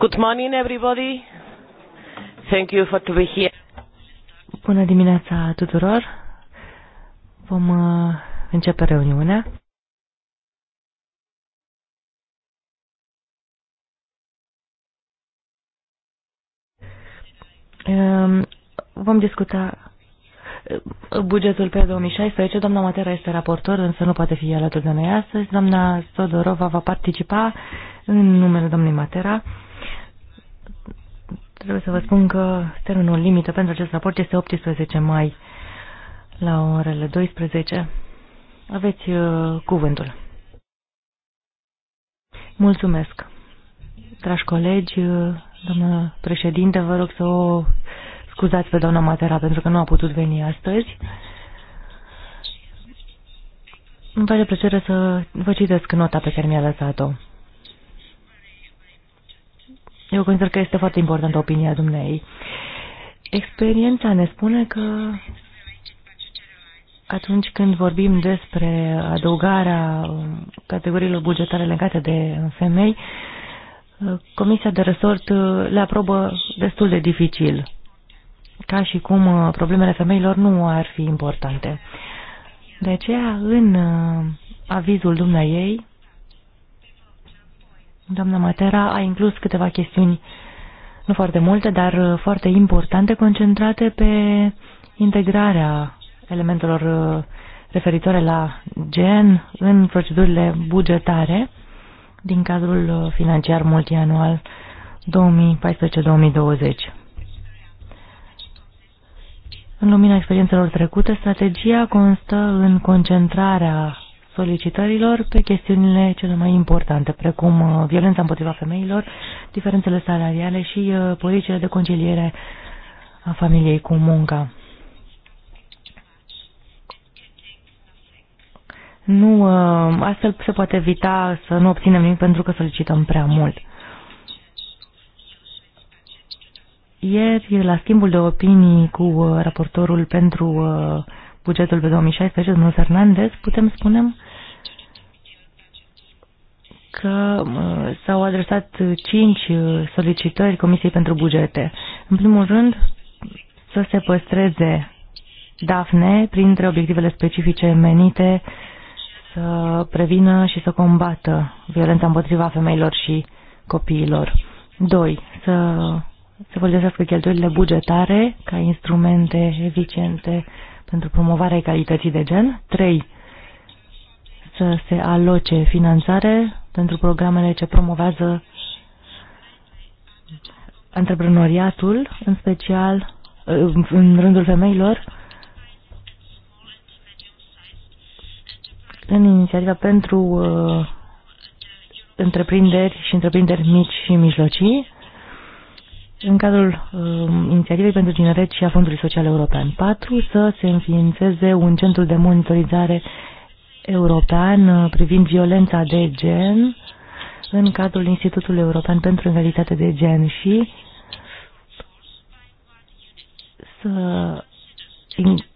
Good morning everybody. Thank you for to be here. Bună dimineața tuturor. Vom uh, începe reuniunea. Um, vom discuta uh, bugetul pe 2016. Doamna Matera este raportor, însă nu poate fi alături de noi astăzi. Doamna Sodorova va participa în numele domnului Matera Trebuie să vă spun că termenul limită pentru acest raport este 18 mai la orele 12. Aveți uh, cuvântul. Mulțumesc. Dragi colegi, uh, doamnă președinte, vă rog să o scuzați pe doamna Matera pentru că nu a putut veni astăzi. Îmi face plăcere să vă citesc nota pe care mi-a lăsat-o. Eu consider că este foarte importantă opinia dumnei. Experiența ne spune că atunci când vorbim despre adăugarea categoriilor bugetare legate de femei, Comisia de Resort le aprobă destul de dificil, ca și cum problemele femeilor nu ar fi importante. De aceea, în avizul dumneai Doamna Matera a inclus câteva chestiuni, nu foarte multe, dar uh, foarte importante, concentrate pe integrarea elementelor uh, referitoare la gen în procedurile bugetare din cadrul uh, financiar multianual 2014-2020. În lumina experiențelor trecute, strategia constă în concentrarea solicitărilor pe chestiunile cele mai importante, precum uh, violența împotriva femeilor, diferențele salariale și uh, politicile de conciliere a familiei cu munca. Nu, uh, astfel se poate evita să nu obținem nimic pentru că solicităm prea mult. Ieri, la schimbul de opinii cu raportorul pentru uh, bugetul pe 2016, domnul Fernandez, putem spune că uh, s-au adresat cinci uh, solicitări Comisiei pentru Bugete. În primul rând, să se păstreze DAFNE printre obiectivele specifice menite să prevină și să combată violența împotriva femeilor și copiilor. 2. Să se folosească cheltuielile bugetare ca instrumente eficiente pentru promovarea egalității de gen. 3. Să se aloce finanțare pentru programele ce promovează antreprenoriatul, în special uh, în rândul femeilor, în inițiativa pentru uh, întreprinderi și întreprinderi mici și mijlocii în cadrul uh, inițiativei pentru tineret și a Fondului Social European 4 să se înființeze un centru de monitorizare european uh, privind violența de gen în cadrul Institutului European pentru Egalitate de Gen și să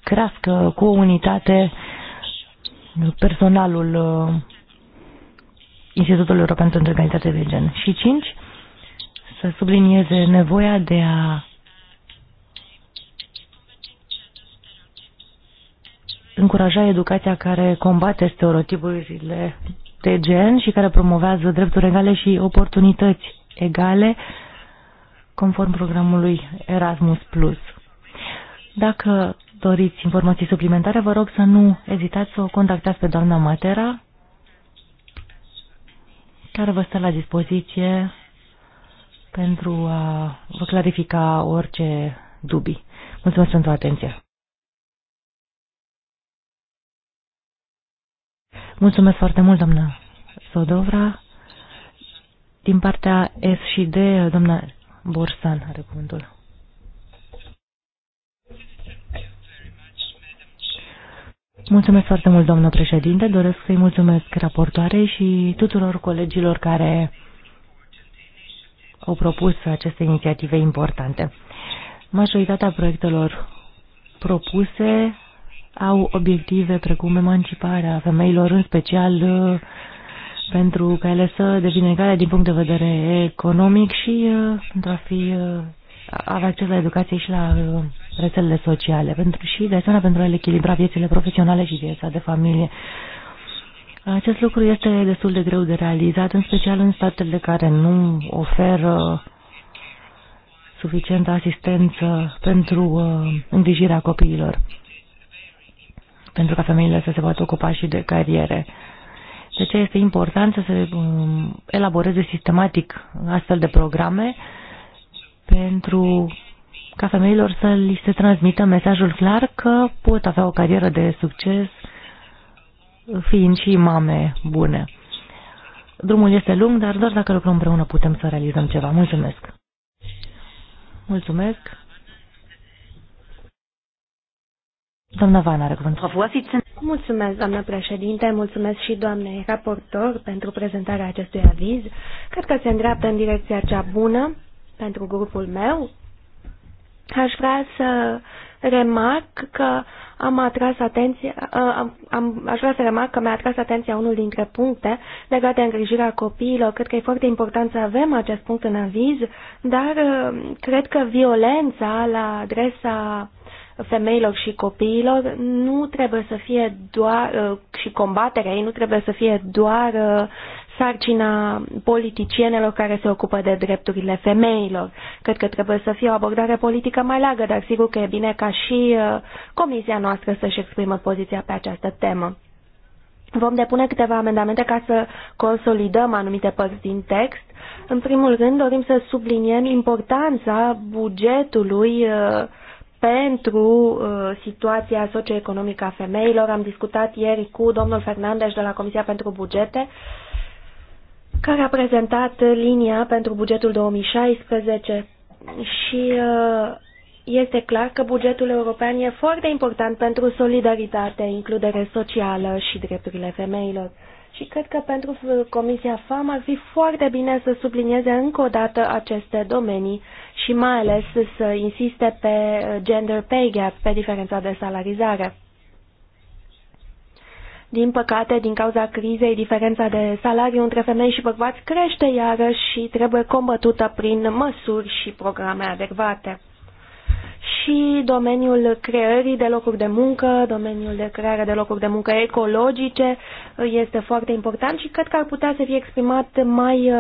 crească cu o unitate personalul uh, Institutului European pentru Egalitate de Gen. Și 5 să sublinieze nevoia de a încuraja educația care combate stereotipurile de gen și care promovează drepturi egale și oportunități egale conform programului Erasmus+. Dacă doriți informații suplimentare, vă rog să nu ezitați să o contactați pe doamna Matera, care vă stă la dispoziție pentru a vă clarifica orice dubii. Mulțumesc pentru atenție. Mulțumesc foarte mult, doamnă Sodovra. Din partea S și D, doamna Borsan are cuvântul. Mulțumesc foarte mult, doamnă președinte. Doresc să-i mulțumesc raportoarei și tuturor colegilor care au propus aceste inițiative importante. Majoritatea proiectelor propuse au obiective precum emanciparea femeilor, în special uh, pentru ca ele să devină egale din punct de vedere economic și uh, pentru a fi uh, avea acces la educație și la rețelele sociale pentru, și, de asemenea, pentru a le echilibra viețile profesionale și viața de familie. Acest lucru este destul de greu de realizat, în special în statele care nu oferă suficientă asistență pentru uh, îngrijirea copiilor, pentru ca femeile să se poată ocupa și de cariere. De ce este important să se um, elaboreze sistematic astfel de programe pentru ca femeilor să li se transmită mesajul clar că pot avea o carieră de succes fiind și mame bune. Drumul este lung, dar doar dacă lucrăm împreună putem să realizăm ceva. Mulțumesc! Mulțumesc! Doamna Vana are cuvântul. Mulțumesc, doamna președinte, mulțumesc și doamnei raportor pentru prezentarea acestui aviz. Cred că se îndreaptă în direcția cea bună pentru grupul meu. Aș vrea să remarc că am atras atenția, am, am, aș vrea să remarc că mi-a atras atenția unul dintre puncte legate de îngrijirea copiilor. Cred că e foarte important să avem acest punct în aviz, dar cred că violența la adresa femeilor și copiilor nu trebuie să fie doar și combaterea ei nu trebuie să fie doar sarcina politicienilor care se ocupă de drepturile femeilor. Cred că trebuie să fie o abordare politică mai largă, dar sigur că e bine ca și uh, comisia noastră să-și exprimă poziția pe această temă. Vom depune câteva amendamente ca să consolidăm anumite părți din text. În primul rând, dorim să subliniem importanța bugetului uh, pentru uh, situația socioeconomică a femeilor. Am discutat ieri cu domnul Fernandez de la Comisia pentru Bugete care a prezentat linia pentru bugetul 2016 și uh, este clar că bugetul european e foarte important pentru solidaritate, includere socială și drepturile femeilor. Și cred că pentru Comisia FAM ar fi foarte bine să sublinieze încă o dată aceste domenii și mai ales să insiste pe gender pay gap, pe diferența de salarizare. Din păcate, din cauza crizei, diferența de salariu între femei și bărbați crește iarăși și trebuie combătută prin măsuri și programe adecvate. Și domeniul creării de locuri de muncă, domeniul de creare de locuri de muncă ecologice este foarte important și cred că ar putea să fie exprimat mai uh,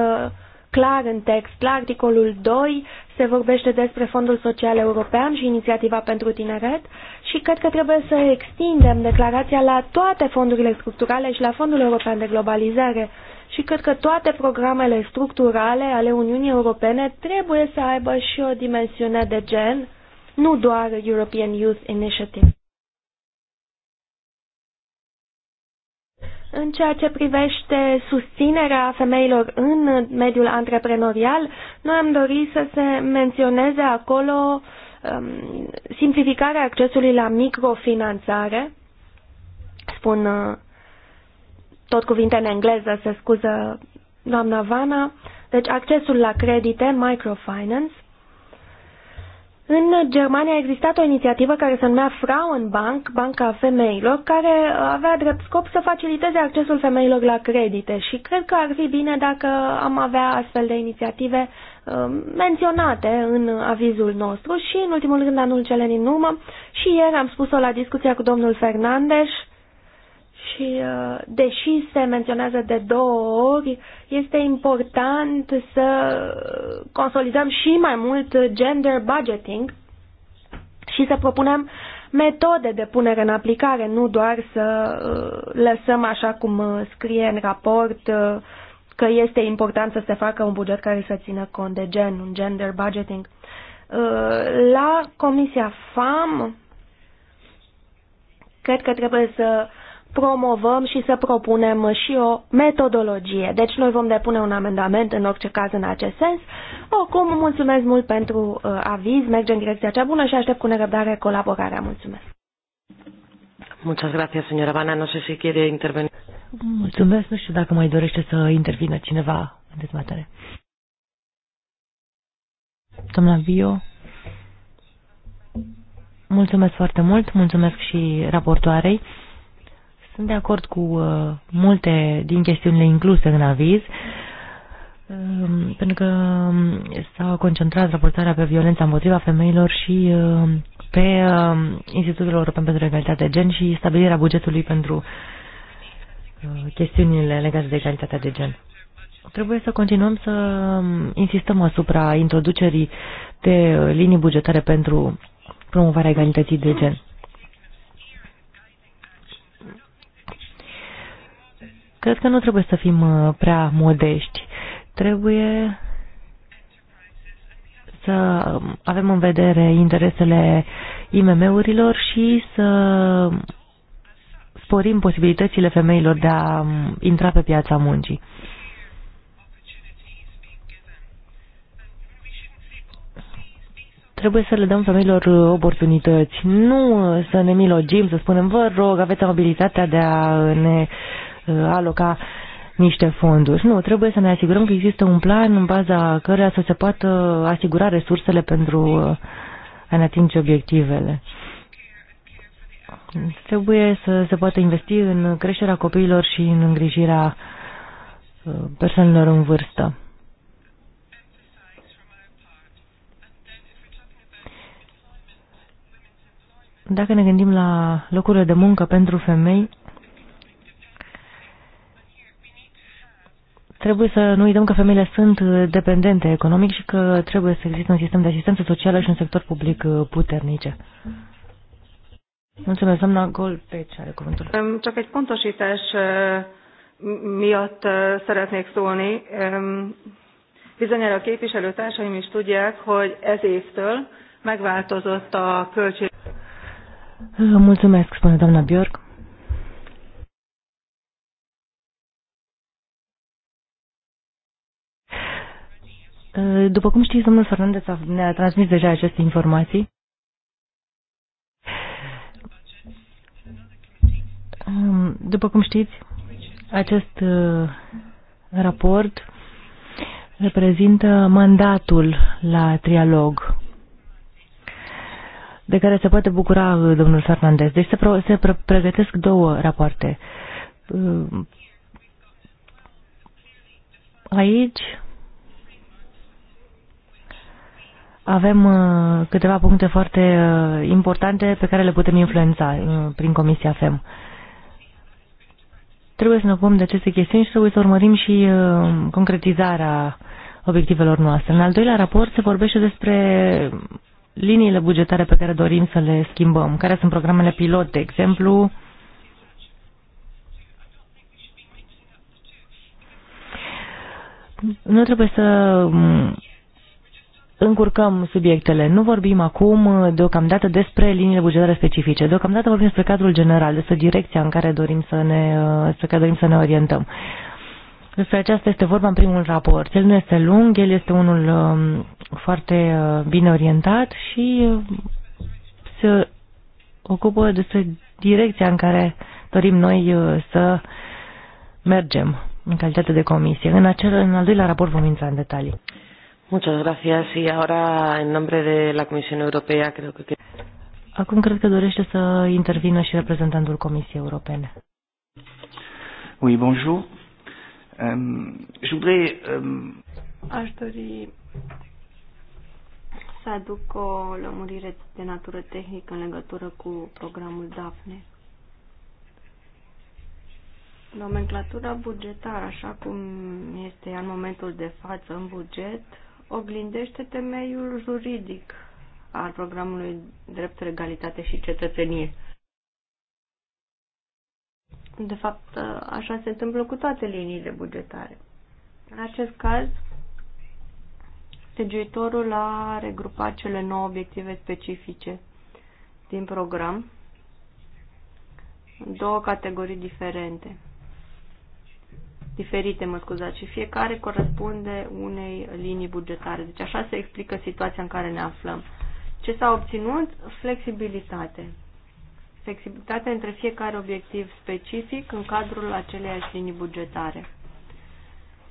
clar în text. La articolul 2 se vorbește despre Fondul Social European și Inițiativa pentru Tineret și cred că trebuie să extindem declarația la toate fondurile structurale și la Fondul European de Globalizare. Și cred că toate programele structurale ale Uniunii Europene trebuie să aibă și o dimensiune de gen, nu doar European Youth Initiative. În ceea ce privește susținerea femeilor în mediul antreprenorial, noi am dorit să se menționeze acolo um, simplificarea accesului la microfinanțare. Spun uh, tot cuvinte în engleză, se scuză doamna Vana. Deci accesul la credite, microfinance, în Germania a existat o inițiativă care se numea Frauenbank, Banca Femeilor, care avea drept scop să faciliteze accesul femeilor la credite și cred că ar fi bine dacă am avea astfel de inițiative um, menționate în avizul nostru și, în ultimul rând, anul cele din urmă, și ieri am spus-o la discuția cu domnul Fernandes, și uh, deși se menționează de două ori, este important să consolidăm și mai mult gender budgeting și să propunem metode de punere în aplicare, nu doar să uh, lăsăm așa cum uh, scrie în raport că este important să se facă un buget care să țină cont de gen, un gender budgeting. La Comisia FAM, cred că trebuie să promovăm și să propunem și o metodologie. Deci noi vom depune un amendament în orice caz în acest sens. Oricum, mulțumesc mult pentru uh, aviz, mergem în direcția cea bună și aștept cu nerăbdare colaborarea. Mulțumesc. Muchas gracias, señora Vana. No sé si quiere intervenir. Mulțumesc. Nu știu dacă mai dorește să intervină cineva în dezbatere. Doamna Vio. Mulțumesc foarte mult. Mulțumesc și raportoarei. Sunt de acord cu uh, multe din chestiunile incluse în aviz, um, pentru că um, s-a concentrat raportarea pe violența împotriva femeilor și uh, pe um, Institutul European pentru Egalitate de Gen și stabilirea bugetului pentru uh, chestiunile legate de egalitatea de gen. Trebuie să continuăm să insistăm asupra introducerii de uh, linii bugetare pentru promovarea egalității de gen. Cred că nu trebuie să fim uh, prea modești. Trebuie să um, avem în vedere interesele IMM-urilor și să sporim posibilitățile femeilor de a um, intra pe piața muncii. Trebuie să le dăm femeilor oportunități, nu uh, să ne milogim, să spunem, vă rog, aveți abilitatea de a ne Uh, aloca niște fonduri. Nu, trebuie să ne asigurăm că există un plan în baza căreia să se poată asigura resursele pentru uh, a ne atinge obiectivele. Trebuie să se poată investi în creșterea copiilor și în îngrijirea uh, persoanelor în vârstă. Dacă ne gândim la locurile de muncă pentru femei, Trebuie să nu uităm că femeile sunt uh, dependente economic și că trebuie să existe un sistem de asistență socială și un sector public uh, puternice. Mulțumesc, doamna Golpeci are cuvântul. Csak egy pontosítás uh, miatt szeretnék szólni. Bizonyára a képviselőtársaim is tudják, hogy ez évtől megváltozott a költség. Mulțumesc, spune doamna Björk. Eh, după cum știți, domnul Fernandez ne-a transmis deja aceste informații. După cum știți, acest eh, raport reprezintă mandatul la trialog de care se poate bucura eh, domnul Fernandez. Deci se, se pre pregătesc două rapoarte. Aici avem uh, câteva puncte foarte uh, importante pe care le putem influența uh, prin Comisia FEM. Trebuie să ne ocupăm de aceste chestiuni și trebuie să urmărim și concretizarea obiectivelor noastre. În al doilea raport se vorbește despre liniile bugetare pe care dorim să le schimbăm, care sunt programele pilot, de exemplu, nu trebuie să mm, încurcăm subiectele. Nu vorbim acum uh, deocamdată despre liniile bugetare specifice. Deocamdată vorbim despre cadrul general, despre direcția în care dorim să ne, despre uh, care dorim să ne orientăm. Despre aceasta este vorba în primul raport. El nu este lung, el este unul um, foarte uh, bine orientat și se ocupă despre direcția în care dorim noi să mergem în calitate de comisie. În, acel, în al doilea raport vom intra în detalii. Muchas gracias. Y ahora, en nombre de la Comisión Europea, creo que... Acum cred că dorește să intervină și reprezentantul Comisiei Europene. Oui, bonjour. Um, je voudrais, um... Aș dori să aduc o lămurire de natură tehnică în legătură cu programul DAFNE. Nomenclatura bugetară, așa cum este în momentul de față în buget, oglindește temeiul juridic al programului Drept, Egalitate și Cetățenie. De fapt, așa se întâmplă cu toate liniile bugetare. În acest caz, legiuitorul a regrupat cele nouă obiective specifice din program în două categorii diferente diferite, mă scuzați, și fiecare corespunde unei linii bugetare. Deci așa se explică situația în care ne aflăm. Ce s-a obținut? Flexibilitate. Flexibilitate între fiecare obiectiv specific în cadrul aceleiași linii bugetare.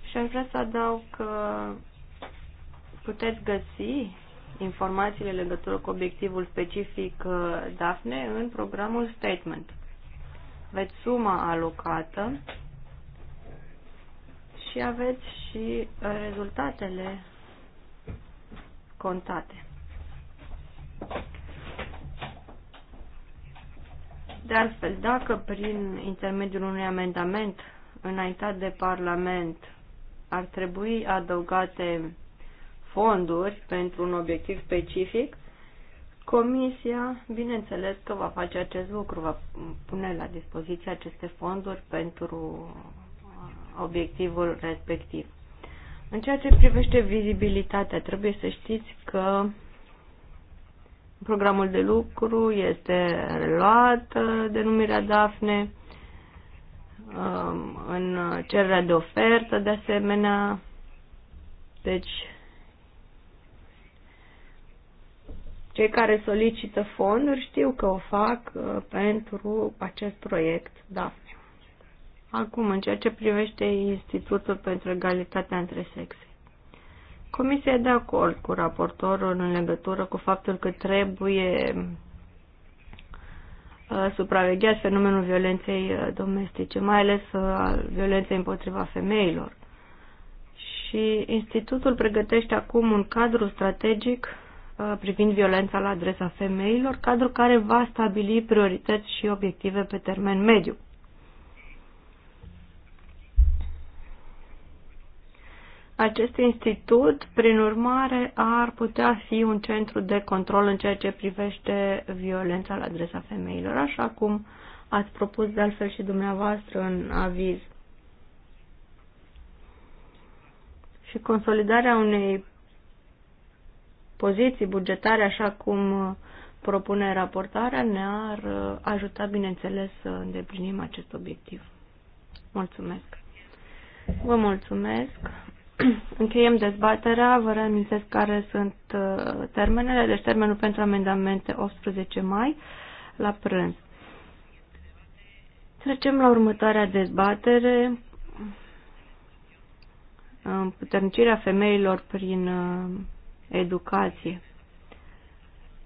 Și aș vrea să adaug că puteți găsi informațiile legătură cu obiectivul specific uh, DAFNE în programul Statement. Veți suma alocată și aveți și uh, rezultatele contate. De altfel, dacă prin intermediul unui amendament înaintat de Parlament ar trebui adăugate fonduri pentru un obiectiv specific, Comisia, bineînțeles că va face acest lucru, va pune la dispoziție aceste fonduri pentru obiectivul respectiv. În ceea ce privește vizibilitatea, trebuie să știți că programul de lucru este reluat uh, de numirea DAFNE um, în cererea de ofertă, de asemenea. Deci, cei care solicită fonduri știu că o fac uh, pentru acest proiect DAF. Acum, în ceea ce privește Institutul pentru Egalitatea între Sexe. Comisia e de acord cu raportorul în legătură cu faptul că trebuie uh, supravegheat fenomenul violenței uh, domestice, mai ales uh, al violenței împotriva femeilor. Și institutul pregătește acum un cadru strategic privind violența la adresa femeilor, cadru care va stabili priorități și obiective pe termen mediu. Acest institut, prin urmare, ar putea fi un centru de control în ceea ce privește violența la adresa femeilor, așa cum ați propus de altfel și dumneavoastră în aviz. Și consolidarea unei poziții bugetare, așa cum uh, propune raportarea, ne-ar uh, ajuta, bineînțeles, să îndeplinim acest obiectiv. Mulțumesc! Vă mulțumesc! Încheiem dezbaterea, vă reamintesc care sunt uh, termenele, deci termenul pentru amendamente 18 mai la prânz. Trecem la următoarea dezbatere, puternicirea femeilor prin uh, educație.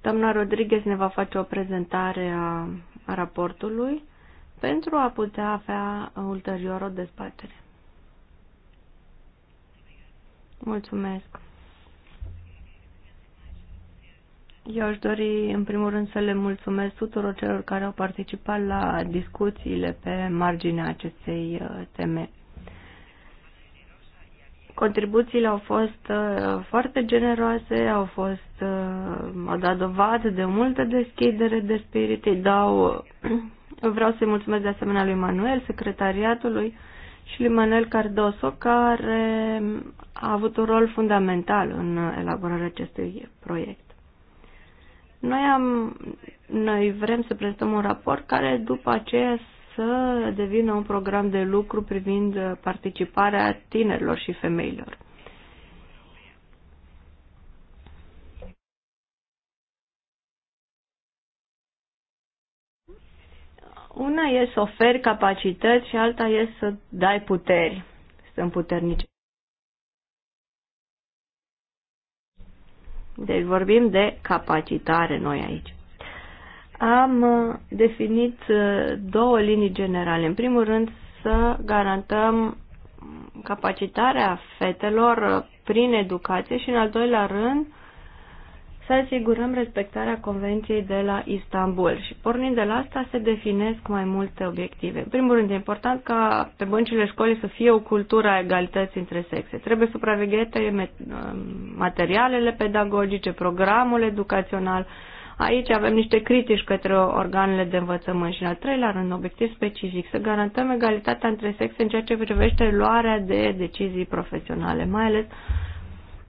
Doamna Rodriguez ne va face o prezentare a, a raportului pentru a putea avea ulterior o dezbatere. Mulțumesc. Eu aș dori, în primul rând, să le mulțumesc tuturor celor care au participat la discuțiile pe marginea acestei uh, teme. Contribuțiile au fost uh, foarte generoase, au fost, uh, au dat dovadă de multă deschidere de spirit, îi dau, vreau să-i mulțumesc de asemenea lui Manuel, secretariatului și lui Manuel Cardoso, care a avut un rol fundamental în elaborarea acestui proiect. Noi, am, noi vrem să prezentăm un raport care după aceea să devină un program de lucru privind participarea tinerilor și femeilor. Una e să oferi capacități și alta e să dai puteri, să împuternici. Deci vorbim de capacitare noi aici. Am uh, definit uh, două linii generale. În primul rând să garantăm capacitarea fetelor uh, prin educație și în al doilea rând să asigurăm respectarea Convenției de la Istanbul și pornind de la asta se definesc mai multe obiective. În primul rând, e important ca pe băncile școlii să fie o cultură a egalității între sexe. Trebuie supraveghete um, materialele pedagogice, programul educațional. Aici avem niște critici către organele de învățământ și, în al treilea rând, obiectiv specific, să garantăm egalitatea între sexe în ceea ce privește luarea de decizii profesionale, mai ales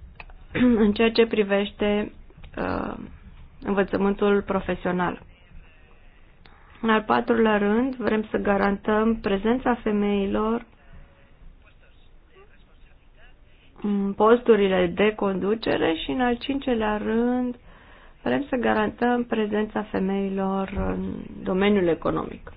în ceea ce privește uh, învățământul profesional. În al patrulea rând, vrem să garantăm prezența femeilor în posturile de conducere și în al cincelea rând, vrem să garantăm prezența femeilor în domeniul economic.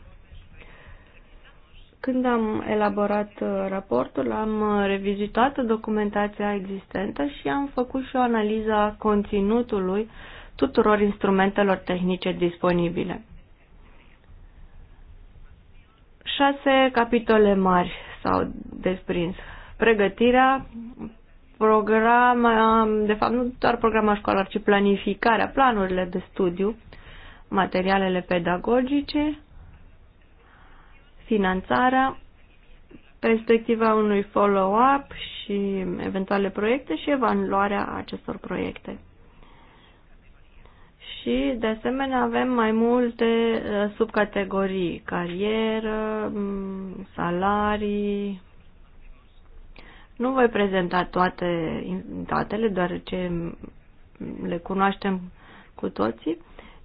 Când am elaborat uh, raportul, am uh, revizitat documentația existentă și am făcut și o analiză a conținutului tuturor instrumentelor tehnice disponibile. Șase capitole mari s-au desprins. Pregătirea, programa, de fapt nu doar programa școlară, ci planificarea, planurile de studiu, materialele pedagogice, finanțarea, perspectiva unui follow-up și eventuale proiecte și evaluarea acestor proiecte. Și, de asemenea, avem mai multe uh, subcategorii, carieră, salarii. Nu voi prezenta toate datele, ce le cunoaștem cu toții,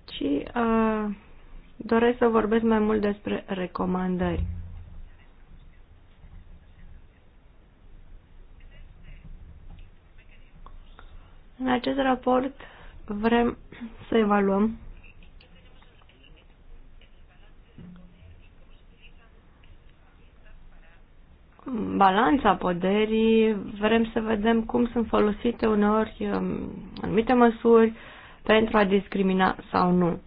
ci uh, doresc să vorbesc mai mult despre recomandări. În acest raport vrem să evaluăm balanța poderii, vrem să vedem cum sunt folosite uneori um, anumite măsuri pentru a discrimina sau nu.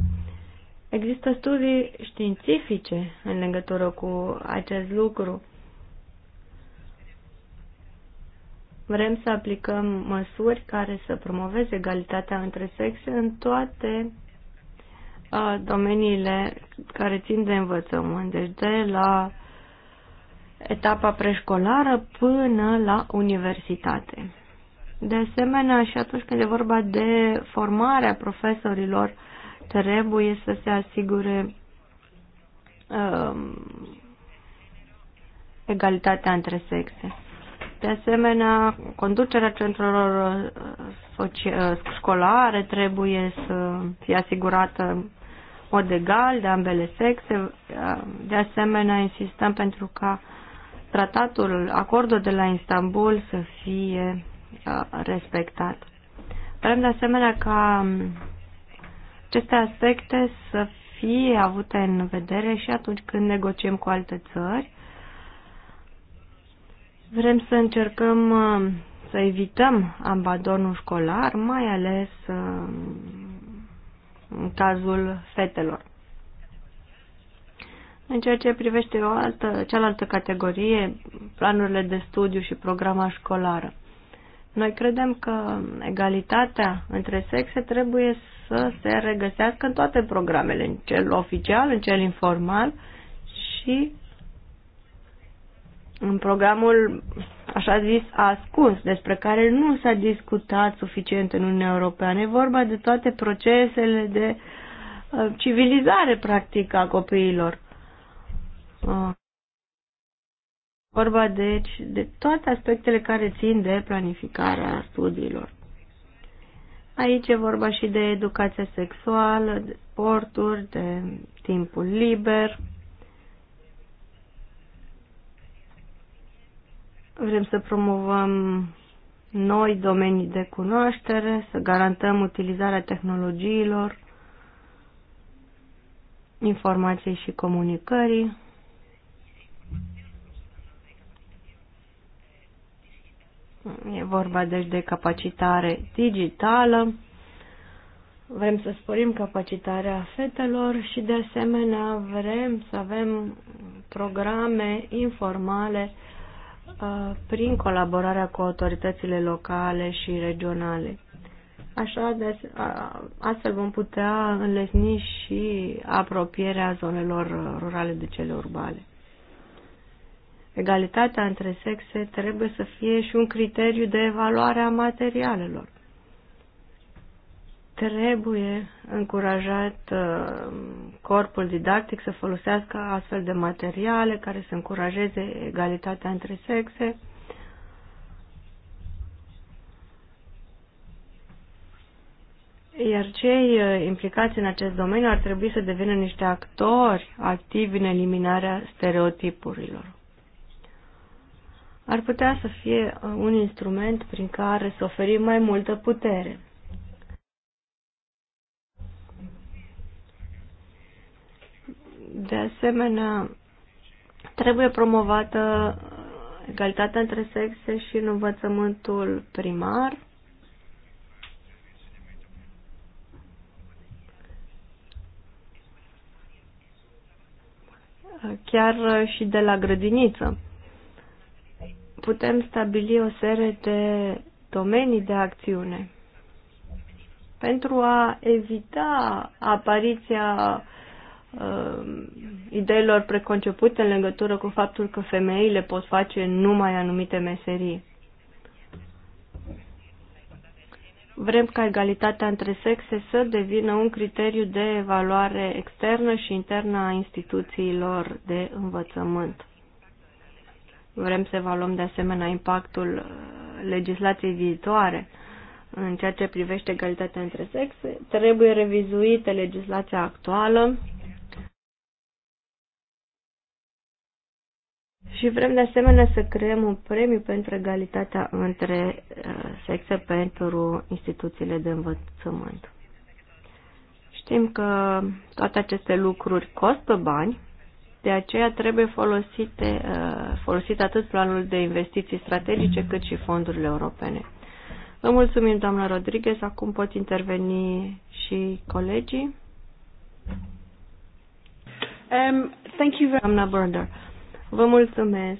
Există studii științifice în legătură cu acest lucru. Vrem să aplicăm măsuri care să promoveze egalitatea între sexe în toate domeniile care țin de învățământ, deci de la etapa preșcolară până la universitate. De asemenea, și atunci când e vorba de formarea profesorilor trebuie să se asigure um, egalitatea între sexe. De asemenea, conducerea centrelor școlare uh, uh, trebuie să fie asigurată în mod egal de ambele sexe. Uh, de asemenea, insistăm pentru ca tratatul, acordul de la Istanbul să fie respectat. Vrem de asemenea ca um, aceste aspecte să fie avute în vedere și atunci când negociem cu alte țări. Vrem să încercăm uh, să evităm abandonul școlar, mai ales uh, în cazul fetelor. În ceea ce privește o altă, cealaltă categorie, planurile de studiu și programa școlară. Noi credem că egalitatea între sexe trebuie să se regăsească în toate programele, în cel oficial, în cel informal și în programul așa zis ascuns, despre care nu s-a discutat suficient în Uniunea Europeană. E vorba de toate procesele de uh, civilizare, practic, a copiilor. Uh, vorba, deci, de toate aspectele care țin de planificarea studiilor. Aici e vorba și de educație sexuală, de sporturi, de timpul liber. Vrem să promovăm noi domenii de cunoaștere, să garantăm utilizarea tehnologiilor, informației și comunicării. E vorba deci de capacitare digitală. Vrem să sporim capacitarea fetelor și de asemenea vrem să avem programe informale uh, prin colaborarea cu autoritățile locale și regionale. Așa, de, astfel vom putea înlesni și apropierea zonelor rurale de cele urbane. Egalitatea între sexe trebuie să fie și un criteriu de evaluare a materialelor. Trebuie încurajat uh, corpul didactic să folosească astfel de materiale care să încurajeze egalitatea între sexe. Iar cei uh, implicați în acest domeniu ar trebui să devină niște actori activi în eliminarea stereotipurilor ar putea să fie uh, un instrument prin care să oferim mai multă putere. De asemenea, trebuie promovată uh, egalitatea între sexe și în învățământul primar. Chiar uh, și de la grădiniță putem stabili o serie de domenii de acțiune pentru a evita apariția uh, ideilor preconcepute în legătură cu faptul că femeile pot face numai anumite meserii. Vrem ca egalitatea între sexe să devină un criteriu de evaluare externă și internă a instituțiilor de învățământ. Vrem să evaluăm de asemenea impactul uh, legislației viitoare în ceea ce privește egalitatea între sexe. Trebuie revizuită legislația actuală și vrem de asemenea să creăm un premiu pentru egalitatea între uh, sexe pentru instituțiile de învățământ. Știm că toate aceste lucruri costă bani, de aceea trebuie folosite, uh, folosit atât planul de investiții strategice cât și fondurile europene. Vă mulțumim, doamna Rodriguez. Acum pot interveni și colegii. Um, thank you very... Doamna Border, vă mulțumesc.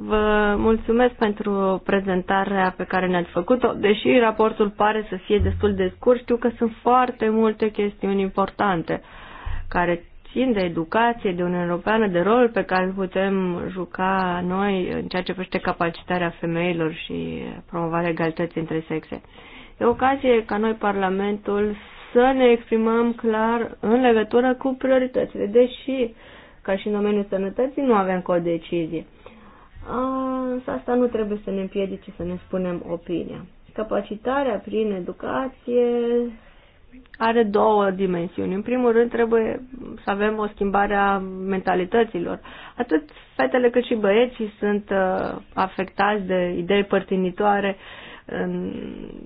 Vă mulțumesc pentru prezentarea pe care ne-ați făcut-o. Deși raportul pare să fie destul de scurt, știu că sunt foarte multe chestiuni importante care țin de educație, de Uniunea Europeană, de rolul pe care îl putem juca noi în ceea ce privește capacitarea femeilor și promovarea egalității între sexe. E ocazie ca noi, Parlamentul, să ne exprimăm clar în legătură cu prioritățile, deși, ca și în domeniul sănătății, nu avem cu o decizie. Însă asta nu trebuie să ne împiedice să ne spunem opinia. Capacitarea prin educație are două dimensiuni. În primul rând trebuie să avem o schimbare a mentalităților. Atât fetele cât și băieții sunt uh, afectați de idei părtinitoare în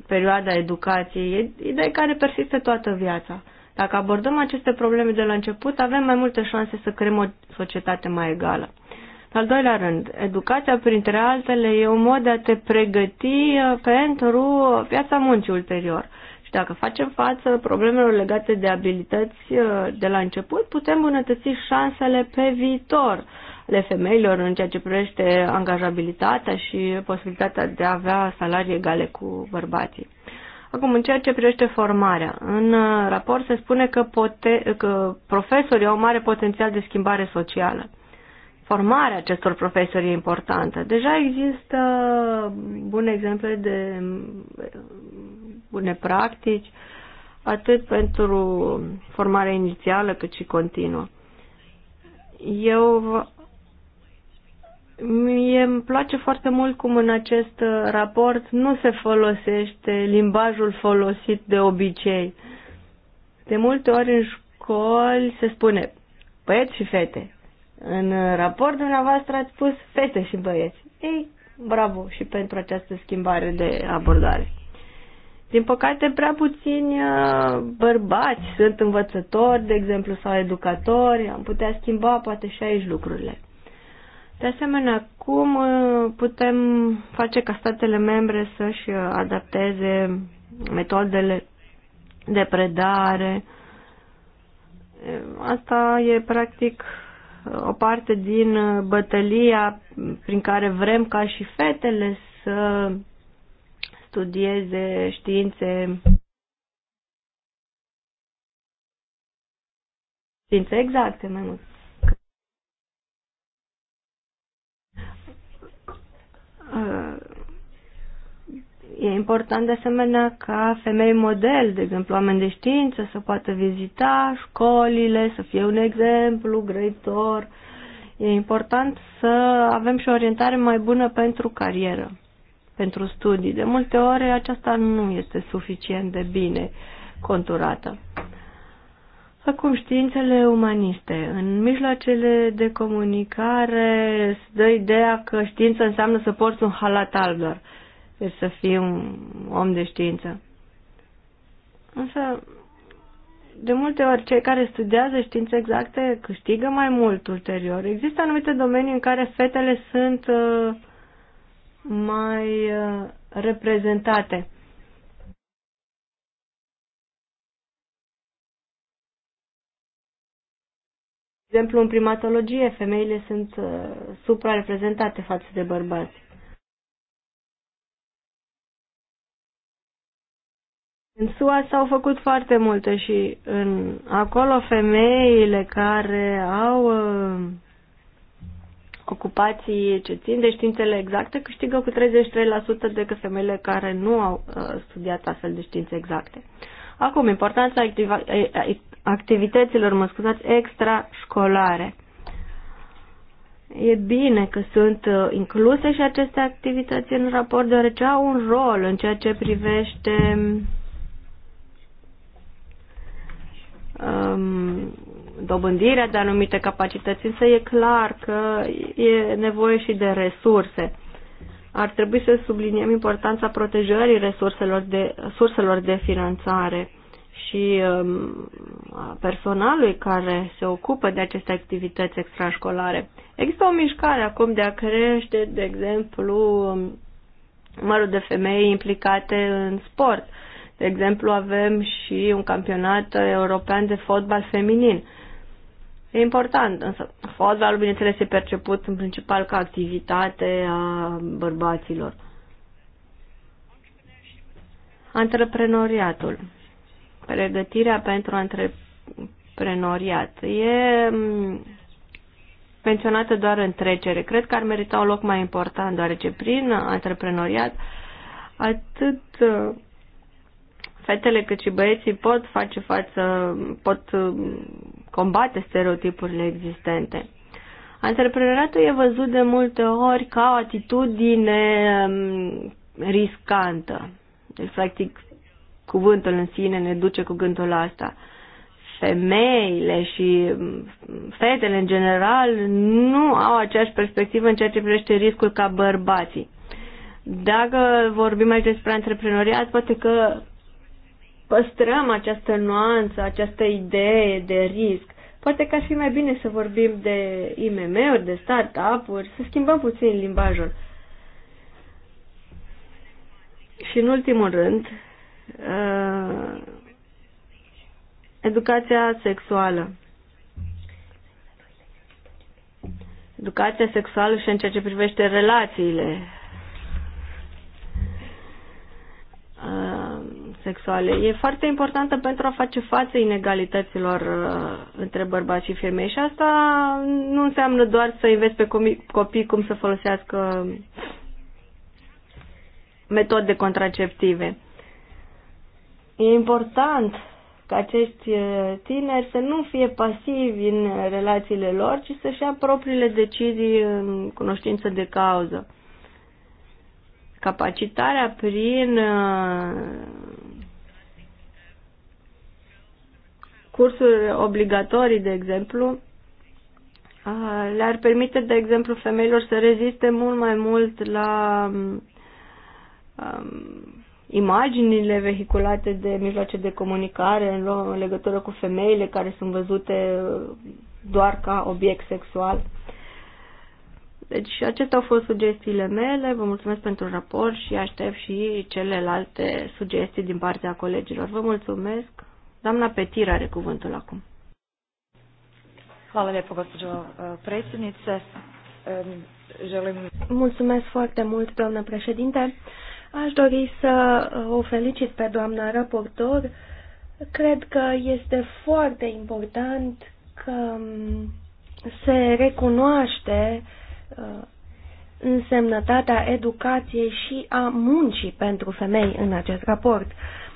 perioada educației, idei care persistă toată viața. Dacă abordăm aceste probleme de la început, avem mai multe șanse să creăm o societate mai egală. Al doilea rând, educația, printre altele, e un mod de a te pregăti uh, pentru piața muncii ulterior. Și dacă facem față problemelor legate de abilități uh, de la început, putem îmbunătăți șansele pe viitor ale femeilor în ceea ce privește angajabilitatea și posibilitatea de a avea salarii egale cu bărbații. Acum, în ceea ce privește formarea, în uh, raport se spune că, pote- că profesorii au mare potențial de schimbare socială. Formarea acestor profesori e importantă. Deja există bune exemple de bune practici, atât pentru formarea inițială cât și continuă. Eu Mie îmi place foarte mult cum în acest raport nu se folosește limbajul folosit de obicei. De multe ori în școli se spune băieți și fete, în raport dumneavoastră ați pus fete și băieți. Ei, bravo și pentru această schimbare de abordare. Din păcate, prea puțini uh, bărbați sunt învățători, de exemplu, sau educatori. Am putea schimba poate și aici lucrurile. De asemenea, cum uh, putem face ca statele membre să-și uh, adapteze metodele de predare? Asta e practic o parte din uh, bătălia prin care vrem ca și fetele să studieze științe științe exacte mai mult. Uh, E important de asemenea ca femei model, de exemplu oameni de știință, să poată vizita școlile, să fie un exemplu, grăitor. E important să avem și o orientare mai bună pentru carieră, pentru studii. De multe ori aceasta nu este suficient de bine conturată. Acum științele umaniste. În mijloacele de comunicare se dă ideea că știința înseamnă să porți un halat alb doar deci să fii un om de știință. Însă, de multe ori, cei care studiază științe exacte câștigă mai mult ulterior. Există anumite domenii în care fetele sunt uh, mai uh, reprezentate. De exemplu, în primatologie, femeile sunt uh, supra reprezentate față de bărbați. În SUA s-au făcut foarte multe și în, acolo femeile care au uh, ocupații ce țin de științele exacte câștigă cu 33% decât femeile care nu au uh, studiat astfel de științe exacte. Acum, importanța activa, activităților, mă scuzați, extrașcolare. E bine că sunt uh, incluse și aceste activități în raport, deoarece au un rol în ceea ce privește um, dobândirea de anumite capacități, însă e clar că e nevoie și de resurse. Ar trebui să subliniem importanța protejării resurselor de, surselor de finanțare și um, a personalului care se ocupă de aceste activități extrașcolare. Există o mișcare acum de a crește, de exemplu, um, numărul de femei implicate în sport. Uh, de exemplu, avem și un campionat european de fotbal feminin. E important, însă fotbalul, bineînțeles, e perceput în principal ca activitate a bărbaților. Antreprenoriatul. Pregătirea pentru antreprenoriat. E mm, menționată doar în trecere. Cred că ar merita un loc mai important, deoarece prin antreprenoriat atât fetele cât și băieții pot face față, pot uh, combate stereotipurile existente. Antreprenoriatul e văzut de multe ori ca o atitudine um, riscantă. Deci, practic, cuvântul în sine ne duce cu gândul asta. Femeile și um, fetele în general nu au aceeași perspectivă în ceea ce privește riscul ca bărbații. Dacă vorbim aici despre antreprenoriat, poate că păstrăm această nuanță, această idee de risc. Poate că ar fi mai bine să vorbim de IMM-uri, de startup-uri, să schimbăm puțin limbajul. Și în ultimul rând, uh, educația sexuală. Educația sexuală și în ceea ce privește relațiile sexuale. E foarte importantă pentru a face față inegalităților uh, între bărbați și femei și asta nu înseamnă doar să înveți pe copii cum să folosească metode contraceptive. E important ca acești uh, tineri să nu fie pasivi în relațiile lor, ci să-și ia propriile decizii în cunoștință de cauză capacitarea prin uh, cursuri obligatorii, de exemplu, le-ar permite, de exemplu, femeilor să reziste mult mai mult la um, imaginile vehiculate de mijloace de comunicare în legătură cu femeile care sunt văzute doar ca obiect sexual. Deci acestea au fost sugestiile mele, vă mulțumesc pentru raport și aștept și celelalte sugestii din partea colegilor. Vă mulțumesc! Doamna Petir are cuvântul acum. Uh, um, Mulțumesc foarte mult, doamnă președinte. Aș dori să uh, o felicit pe doamna raportor. Cred că este foarte important că um, se recunoaște uh, însemnătatea educației și a muncii pentru femei în acest raport.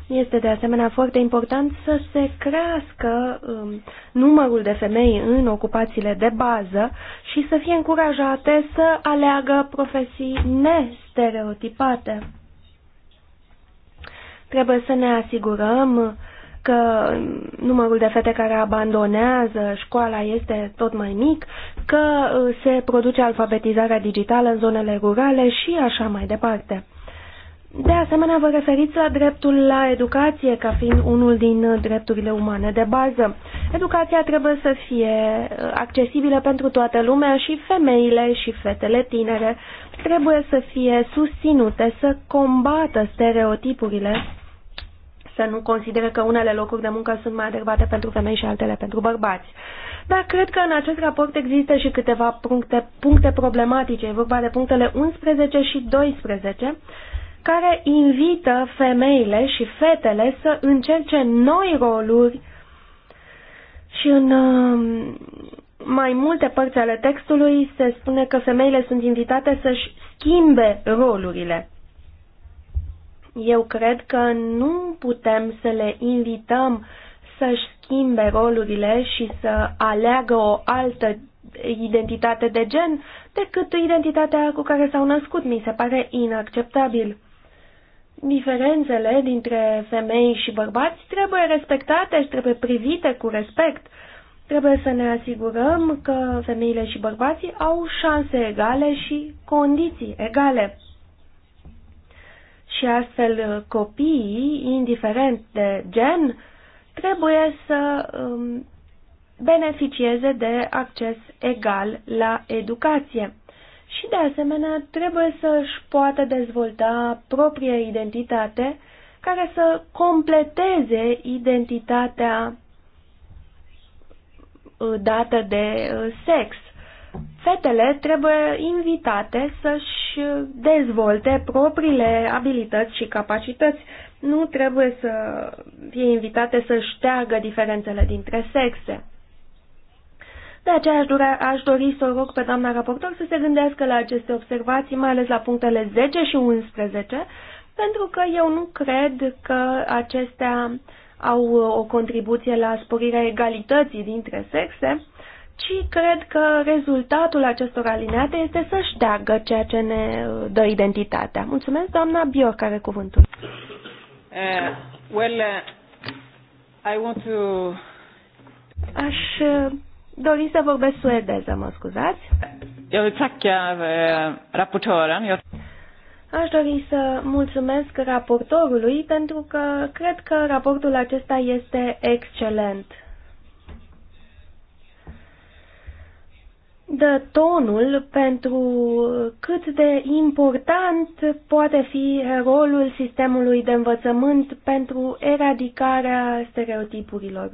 Este de asemenea foarte important să se crească um, numărul de femei în ocupațiile de bază și să fie încurajate să aleagă profesii nestereotipate. Trebuie să ne asigurăm că numărul de fete care abandonează școala este tot mai mic, că uh, se produce alfabetizarea digitală în zonele rurale și așa mai departe. De asemenea, vă referiți la dreptul la educație ca fiind unul din drepturile umane de bază. Educația trebuie să fie uh, accesibilă pentru toată lumea și femeile și fetele tinere trebuie să fie susținute să combată stereotipurile, să nu considere că unele locuri de muncă sunt mai adecvate pentru femei și altele pentru bărbați. Dar cred că în acest raport există și câteva puncte, puncte problematice. E vorba de punctele 11 și 12 care invită femeile și fetele să încerce noi roluri și în um, mai multe părți ale textului se spune că femeile sunt invitate să-și schimbe rolurile. Eu cred că nu putem să le invităm să-și schimbe rolurile și să aleagă o altă identitate de gen decât identitatea cu care s-au născut. Mi se pare inacceptabil diferențele dintre femei și bărbați trebuie respectate și trebuie privite cu respect. Trebuie să ne asigurăm că femeile și bărbații au șanse egale și condiții egale. Și astfel copiii, indiferent de gen, trebuie să um, beneficieze de acces egal la educație și de asemenea trebuie să își poată dezvolta propria identitate care să completeze identitatea uh, dată de uh, sex. Fetele trebuie invitate să-și dezvolte propriile abilități și capacități. Nu trebuie să fie invitate să șteagă diferențele dintre sexe. De aceea aș, dura, aș dori să o rog pe doamna raportor să se gândească la aceste observații, mai ales la punctele 10 și 11, pentru că eu nu cred că acestea au o contribuție la sporirea egalității dintre sexe, ci cred că rezultatul acestor alineate este să șteagă ceea ce ne uh, dă identitatea. Mulțumesc, doamna Bior, care cuvântul. Uh, well, uh, I want to... Aș uh, dori să vorbesc suedeză, mă scuzați. Eu îl tacca eh, raportorul. Aș dori să mulțumesc raportorului pentru că cred că raportul acesta este excelent. dă tonul pentru cât de important poate fi rolul sistemului de învățământ pentru eradicarea stereotipurilor.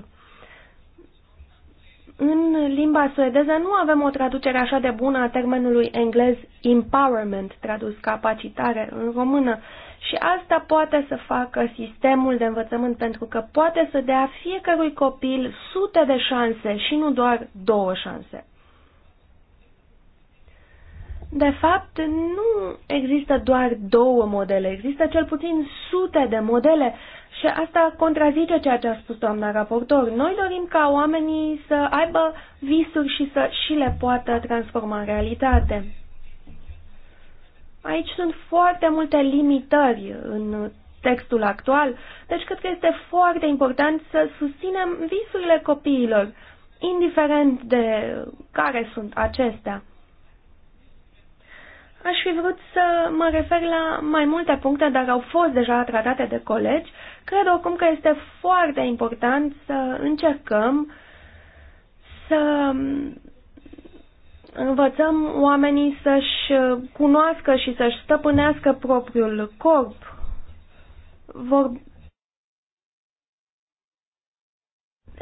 În limba suedeză nu avem o traducere așa de bună a termenului englez empowerment, tradus capacitare în română, și asta poate să facă sistemul de învățământ pentru că poate să dea fiecărui copil sute de șanse și nu doar două șanse. De fapt, nu există doar două modele, există cel puțin sute de modele și asta contrazice ceea ce a spus doamna raportor. Noi dorim ca oamenii să aibă visuri și să și le poată transforma în realitate. Aici sunt foarte multe limitări în textul actual, deci cred că este foarte important să susținem visurile copiilor, indiferent de care sunt acestea. Aș fi vrut să mă refer la mai multe puncte, dar au fost deja tratate de colegi. Cred oricum că este foarte important să încercăm să învățăm oamenii să-și cunoască și să-și stăpânească propriul corp. Vor...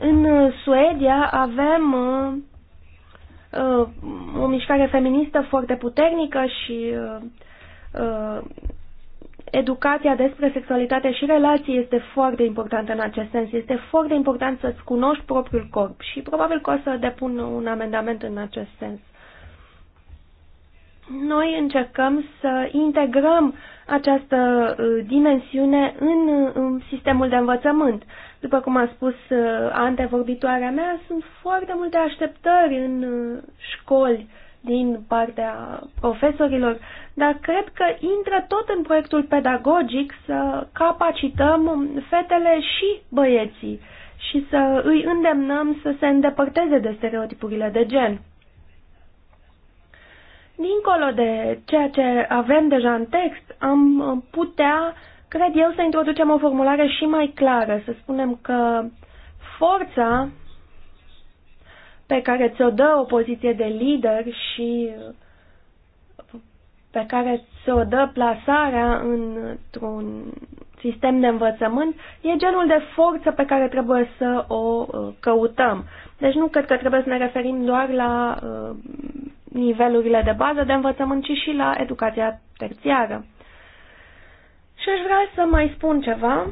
În Suedia avem uh, uh, o mișcare feministă foarte puternică și uh, uh, educația despre sexualitate și relații este foarte importantă în acest sens. Este foarte important să-ți cunoști propriul corp și probabil că o să depun un amendament în acest sens. Noi încercăm să integrăm această uh, dimensiune în, în sistemul de învățământ. Uh, după cum a spus uh, antevorbitoarea mea, sunt foarte multe așteptări în uh, școli din partea profesorilor, dar cred că intră tot în proiectul pedagogic să capacităm fetele și băieții și să îi îndemnăm să se îndepărteze de stereotipurile de gen. Dincolo de ceea ce avem deja în text, am putea Cred eu să introducem o formulare și mai clară, să spunem că forța pe care ți-o dă o poziție de lider și pe care ți-o dă plasarea într-un sistem de învățământ, e genul de forță pe care trebuie să o uh, căutăm. Deci nu cred că trebuie să ne referim doar la uh, nivelurile de bază de învățământ, ci și la educația terțiară. Și deci aș vrea să mai spun ceva.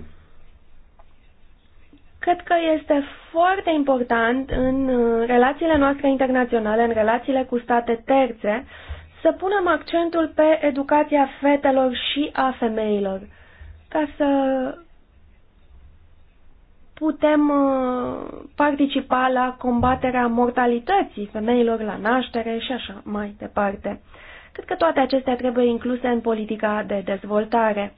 Cred că este foarte important în uh, relațiile noastre internaționale, în relațiile cu state terțe, să punem accentul pe educația fetelor și a femeilor, ca să putem uh, participa la combaterea mortalității femeilor la naștere și așa mai departe. Cred că toate acestea trebuie incluse în politica de dezvoltare.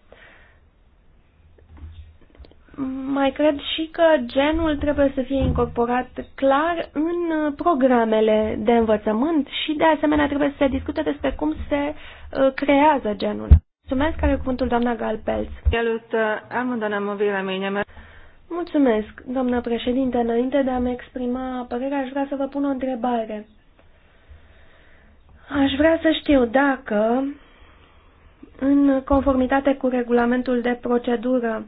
Mai cred și că genul trebuie să fie incorporat clar în programele de învățământ și de asemenea trebuie să se discute despre cum se uh, creează genul. Mulțumesc, are cuvântul doamna Galpelț. Uh, Mulțumesc, doamnă președinte. Înainte de a-mi exprima părerea, aș vrea să vă pun o întrebare. Aș vrea să știu dacă, în conformitate cu regulamentul de procedură,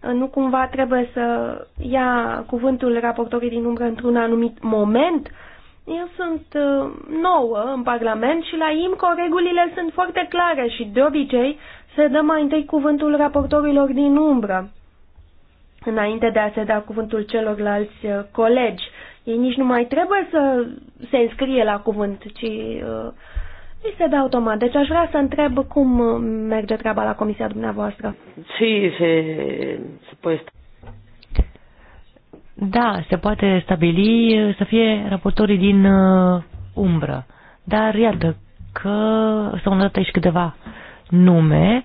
nu cumva trebuie să ia cuvântul raportorii din umbră într-un anumit moment. Eu sunt uh, nouă în Parlament și la IMCO regulile sunt foarte clare și de obicei se dă mai întâi cuvântul raportorilor din umbră înainte de a se da cuvântul celorlalți uh, colegi. Ei nici nu mai trebuie să se înscrie la cuvânt, ci uh, Li se dă automat. Deci aș vrea să întreb cum uh, merge treaba la comisia dumneavoastră. Si, se, se poate da, se poate stabili uh, să fie raportorii din uh, umbră. Dar iată că s-au dat aici câteva nume.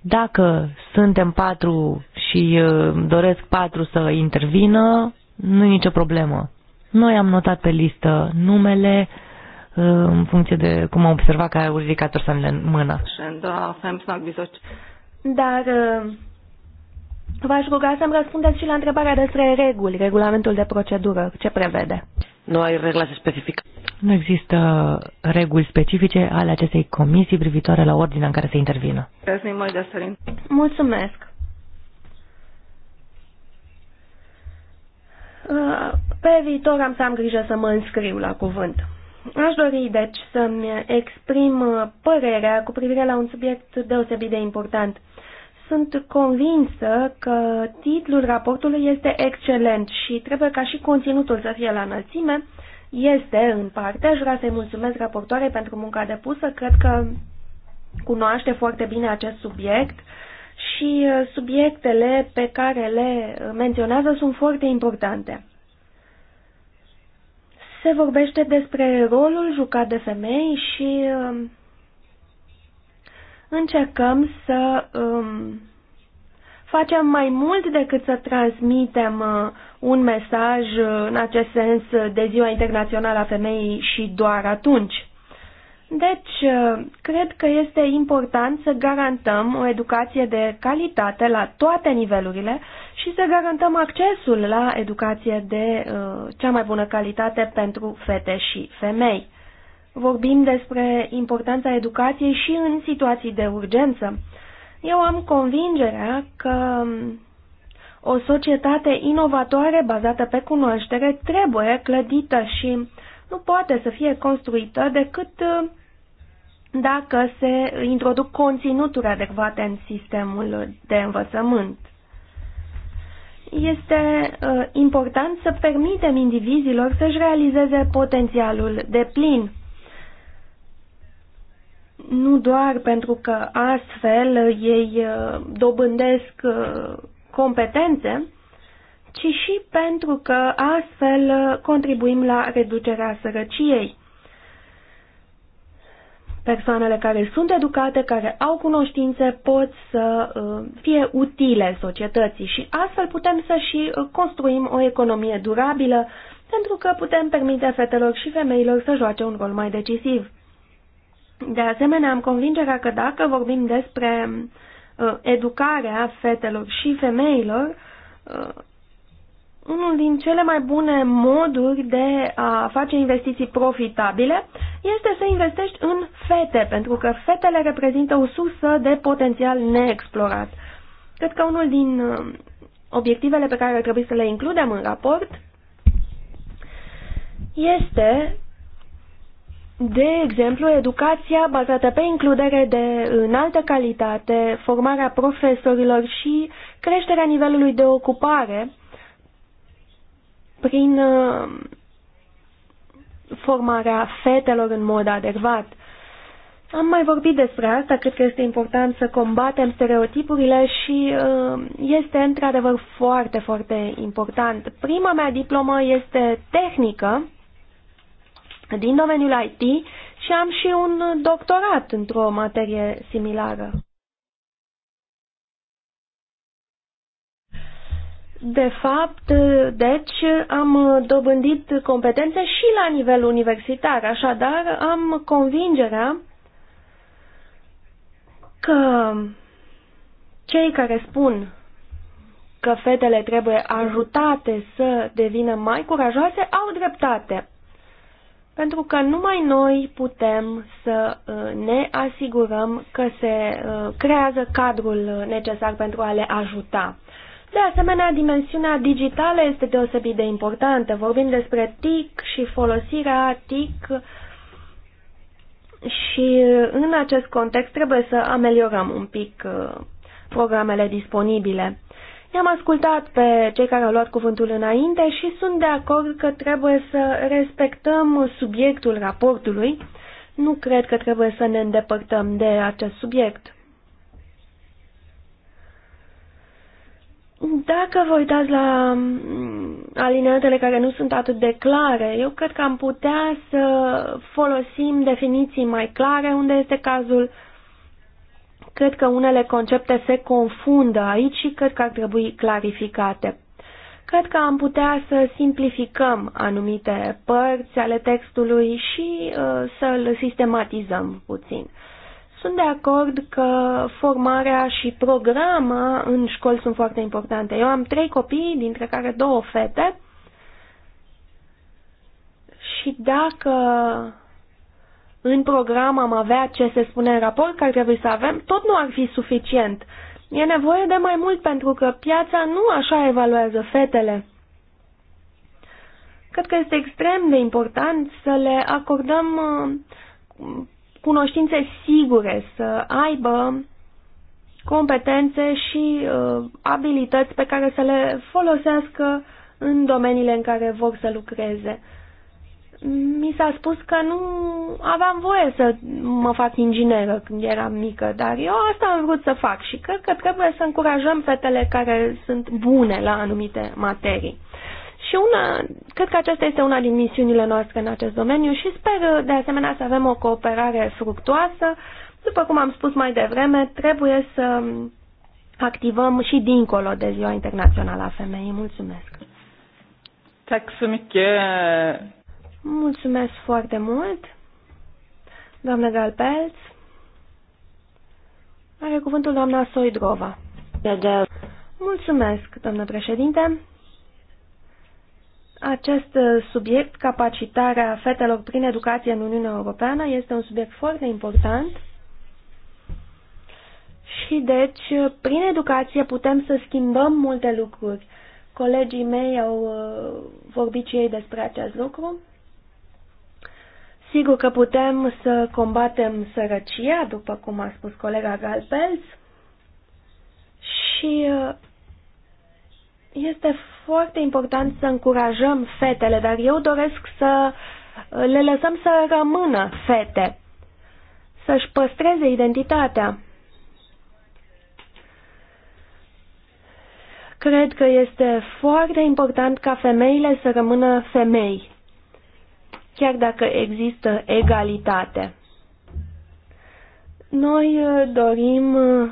Dacă suntem patru și uh, doresc patru să intervină, nu e nicio problemă. Noi am notat pe listă numele uh, în funcție de cum am observat că au ridicat persoanele în mână. Dar uh, v-aș ruga să-mi răspundeți și la întrebarea despre reguli, regulamentul de procedură, ce prevede? Nu ai regle specifică. Nu există reguli specifice ale acestei comisii privitoare la ordinea în care se intervină. Mulțumesc. Uh, pe viitor am să am grijă să mă înscriu la cuvânt. Aș dori, deci, să-mi exprim părerea cu privire la un subiect deosebit de important. Sunt convinsă că titlul raportului este excelent și trebuie ca și conținutul să fie la înălțime. Este, în parte, aș vrea să-i mulțumesc raportoare pentru munca depusă. Cred că cunoaște foarte bine acest subiect și subiectele pe care le menționează sunt foarte importante se vorbește despre rolul jucat de femei și um, încercăm să um, facem mai mult decât să transmitem uh, un mesaj uh, în acest sens uh, de Ziua Internațională a Femeii și doar atunci. Deci, uh, cred că este important să garantăm o educație de calitate la toate nivelurile și să garantăm accesul la educație de uh, cea mai bună calitate pentru fete și femei. Vorbim despre importanța educației și în situații de urgență. Eu am convingerea că um, o societate inovatoare bazată pe cunoaștere trebuie clădită și nu poate să fie construită decât uh, dacă se introduc conținuturi adecvate în sistemul de învățământ este uh, important să permitem indivizilor să-și realizeze potențialul de plin. Nu doar pentru că astfel ei uh, dobândesc uh, competențe, ci și pentru că astfel contribuim la reducerea sărăciei persoanele care sunt educate, care au cunoștințe, pot să uh, fie utile societății și astfel putem să și uh, construim o economie durabilă, pentru că putem permite fetelor și femeilor să joace un rol mai decisiv. De asemenea, am convingerea că dacă vorbim despre uh, educarea fetelor și femeilor, unul din cele mai bune moduri de a face investiții profitabile este să investești în fete, pentru că fetele reprezintă o sursă de potențial neexplorat. Cred că unul din um, obiectivele pe care trebuie să le includem în raport este, de exemplu, educația bazată pe includere de înaltă calitate, formarea profesorilor și creșterea nivelului de ocupare, prin uh, formarea fetelor în mod adecvat. Am mai vorbit despre asta, cred că este important să combatem stereotipurile și uh, este într-adevăr foarte, foarte important. Prima mea diplomă este tehnică din domeniul IT și am și un doctorat într-o materie similară. De fapt, deci, am dobândit competențe și la nivel universitar, așadar am convingerea că cei care spun că fetele trebuie ajutate să devină mai curajoase au dreptate. Pentru că numai noi putem să uh, ne asigurăm că se uh, creează cadrul necesar pentru a le ajuta. De asemenea, dimensiunea digitală este deosebit de importantă. Vorbim despre TIC și folosirea TIC și în acest context trebuie să ameliorăm un pic uh, programele disponibile. I-am ascultat pe cei care au luat cuvântul înainte și sunt de acord că trebuie să respectăm subiectul raportului. Nu cred că trebuie să ne îndepărtăm de acest subiect. Dacă vă uitați la mm, alineatele care nu sunt atât de clare, eu cred că am putea să folosim definiții mai clare unde este cazul. Cred că unele concepte se confundă aici și cred că ar trebui clarificate. Cred că am putea să simplificăm anumite părți ale textului și uh, să-l sistematizăm puțin. Uh, sunt de acord că formarea și programa în școli sunt foarte importante. Eu am trei copii, dintre care două fete. Și dacă în program am avea ce se spune în raport, că trebuie să avem, tot nu ar fi suficient. E nevoie de mai mult pentru că piața nu așa evaluează fetele. Cred că este extrem de important să le acordăm uh, cunoștințe sigure, să aibă competențe și uh, abilități pe care să le folosească în domeniile în care vor să lucreze. Mi s-a spus că nu aveam voie să mă fac ingineră când eram mică, dar eu asta am vrut să fac și cred că trebuie să încurajăm fetele care sunt bune la anumite materii. Și una, cred că aceasta este una din misiunile noastre în acest domeniu și sper uh, de asemenea să avem o cooperare fructuoasă. După cum am spus mai devreme, trebuie să um, activăm și dincolo de Ziua Internațională a Femeii. Mulțumesc! Mulțumesc foarte mult! Doamna Galpelț, are cuvântul doamna Soidrova. Da, da. Mulțumesc, doamnă președinte! Acest uh, subiect, capacitarea fetelor prin educație în Uniunea Europeană, este un subiect foarte important și deci prin educație putem să schimbăm multe lucruri. Colegii mei au uh, vorbit și ei despre acest lucru. Sigur că putem să combatem sărăcia, după cum a spus colega Galpels, și uh, este foarte important să încurajăm fetele, dar eu doresc să uh, le lăsăm să rămână fete, să-și păstreze identitatea. Cred că este foarte important ca femeile să rămână femei, chiar dacă există egalitate. Noi uh, dorim uh,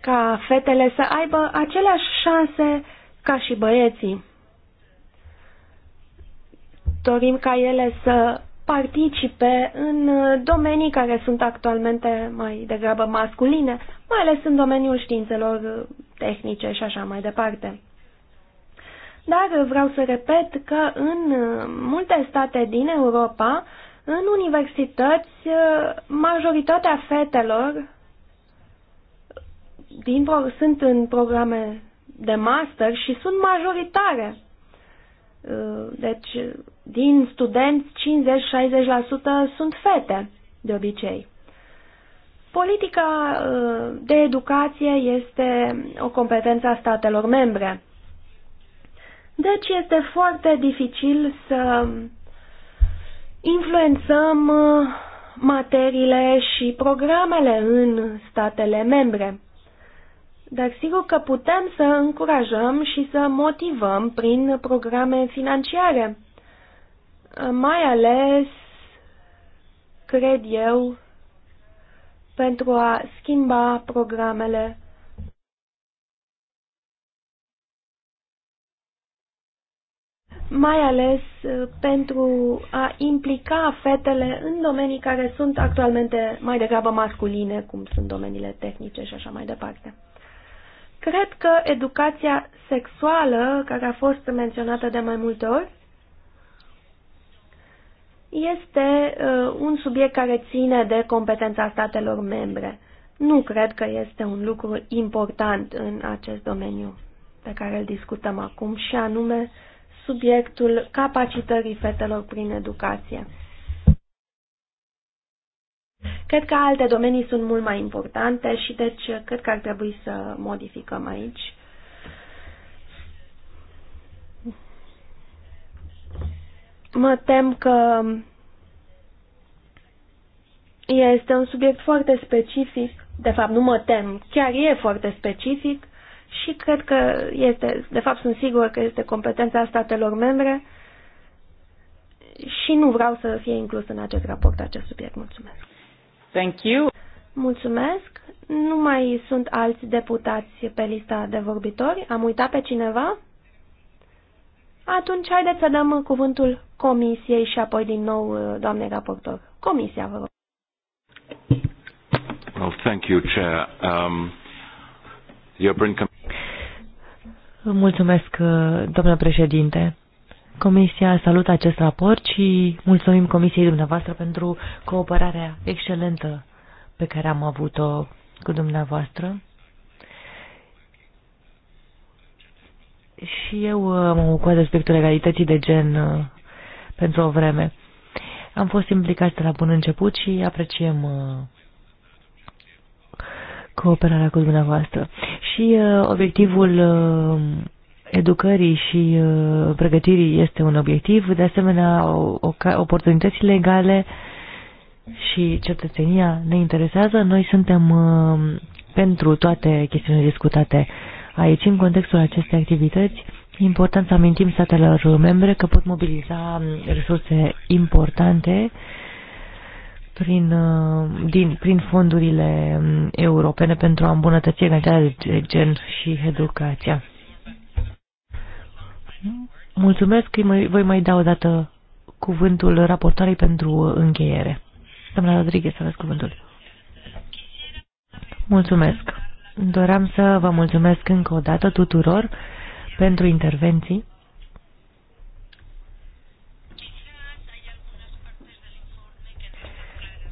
ca fetele să aibă aceleași șanse ca și băieții. Dorim ca ele să participe în domenii care sunt actualmente mai degrabă masculine, mai ales în domeniul științelor tehnice și așa mai departe. Dar vreau să repet că în multe state din Europa, în universități, majoritatea fetelor din, sunt în programe de master și sunt majoritare. Uh, deci, din studenți, 50-60% sunt fete, de obicei. Politica uh, de educație este o competență a statelor membre. Deci este foarte dificil să influențăm uh, materiile și programele în statele membre. Dar sigur că putem să încurajăm și să motivăm prin programe financiare. Mai ales, cred eu, pentru a schimba programele mai ales uh, pentru a implica fetele în domenii care sunt actualmente mai degrabă masculine, cum sunt domeniile tehnice și așa mai departe. Cred că educația sexuală, care a fost menționată de mai multe ori, este uh, un subiect care ține de competența statelor membre. Nu cred că este un lucru important în acest domeniu pe care îl discutăm acum, și anume subiectul capacitării fetelor prin educație. Cred că alte domenii sunt mult mai importante și deci cred că ar trebui să modificăm aici. Mă tem că este un subiect foarte specific, de fapt nu mă tem, chiar e foarte specific și cred că este, de fapt sunt sigur că este competența statelor membre și nu vreau să fie inclus în acest raport acest subiect. Mulțumesc. Thank you. Mulțumesc. Nu mai sunt alți deputați pe lista de vorbitori. Am uitat pe cineva? Atunci haideți să dăm cuvântul comisiei și apoi din nou uh, doamnei raportor. Comisia, vă rog. Well, thank you, Chair. Um, European... Mulțumesc, uh, domnule președinte. Comisia salută acest raport și mulțumim Comisiei dumneavoastră pentru cooperarea excelentă pe care am avut-o cu dumneavoastră. Și eu uh, mă ocupat de aspectul legalității de gen uh, pentru o vreme. Am fost implicați de la bun început și apreciem uh, cooperarea cu dumneavoastră. Și obiectivul educării și uh, pregătirii este un obiectiv, de asemenea oportunitățile legale și cetățenia ne interesează. Noi suntem uh, pentru toate chestiunile discutate aici. În contextul acestei activități, important să amintim statelor membre că pot mobiliza um, resurse importante prin, uh, din, prin fondurile um, europene pentru a îmbunătăți egalitatea de gen și educația. Mulțumesc că mai, voi mai da o dată cuvântul raportoarei pentru încheiere. Doamna Rodriguez, să aveți cuvântul. Mulțumesc. Doream să vă mulțumesc încă o dată tuturor pentru intervenții.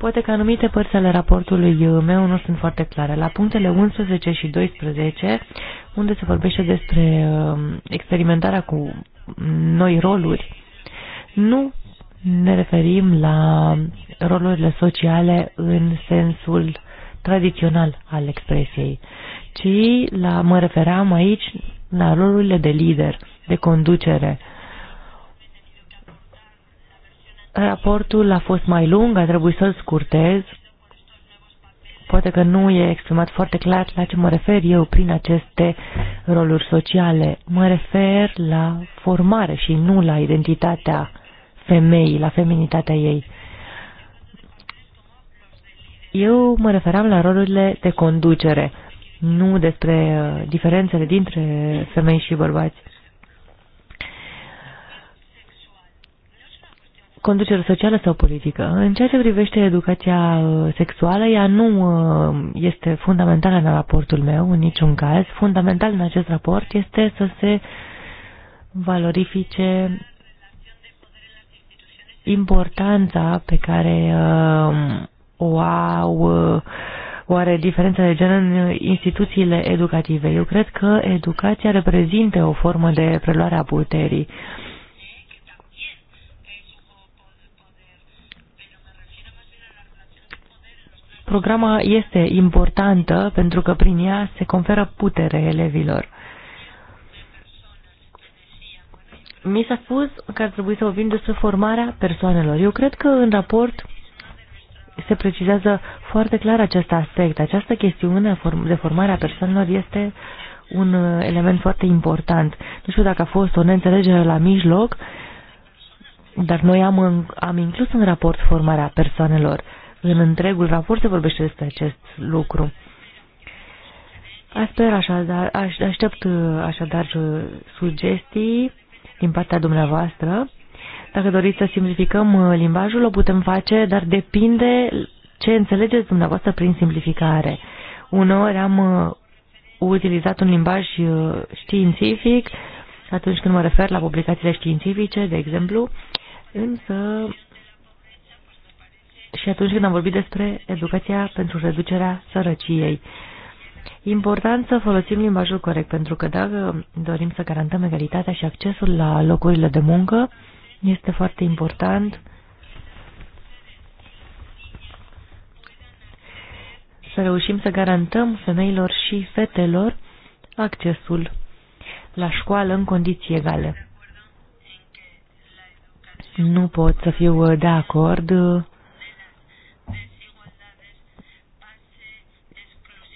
Poate că anumite părți ale raportului uh, meu nu sunt foarte clare. La punctele 11 și 12, unde se vorbește despre uh, experimentarea cu noi roluri, nu ne referim la rolurile sociale în sensul tradițional al expresiei, ci la, mă refeream aici la rolurile de lider, de conducere, Raportul a fost mai lung, a trebuit să-l scurtez. Poate că nu e exprimat foarte clar la ce mă refer eu prin aceste roluri sociale. Mă refer la formare și nu la identitatea femeii, la feminitatea ei. Eu mă referam la rolurile de conducere, nu despre uh, diferențele dintre femei și bărbați. conducere socială sau politică. În ceea ce privește educația uh, sexuală, ea nu uh, este fundamentală în raportul meu, în niciun caz. Fundamental în acest raport este să se valorifice importanța pe care uh, o au oare diferența de gen în instituțiile educative. Eu cred că educația reprezintă o formă de preluare a puterii. Uh, Programa este importantă pentru că prin ea se conferă putere elevilor. Mi s-a spus că ar trebui să vorbim despre formarea persoanelor. Eu cred că în raport se precizează foarte clar acest aspect. Această chestiune de formare a persoanelor este un element foarte important. Nu știu dacă a fost o neînțelegere la mijloc, dar noi am, am inclus în raport formarea persoanelor. În întregul raport se vorbește despre acest lucru. Asper așadar, aș, aștept uh, așadar uh, sugestii din partea dumneavoastră. Dacă doriți să simplificăm uh, limbajul, o putem face, dar depinde ce înțelegeți dumneavoastră prin simplificare. Uneori am utilizat un limbaj științific atunci când mă refer la publicațiile științifice, de exemplu, însă și atunci când am vorbit despre educația pentru reducerea sărăciei. Important să folosim limbajul corect, pentru că dacă dorim să garantăm egalitatea și accesul la locurile de muncă, este foarte important să reușim să garantăm femeilor și fetelor accesul la școală în condiții egale. Nu pot să fiu de acord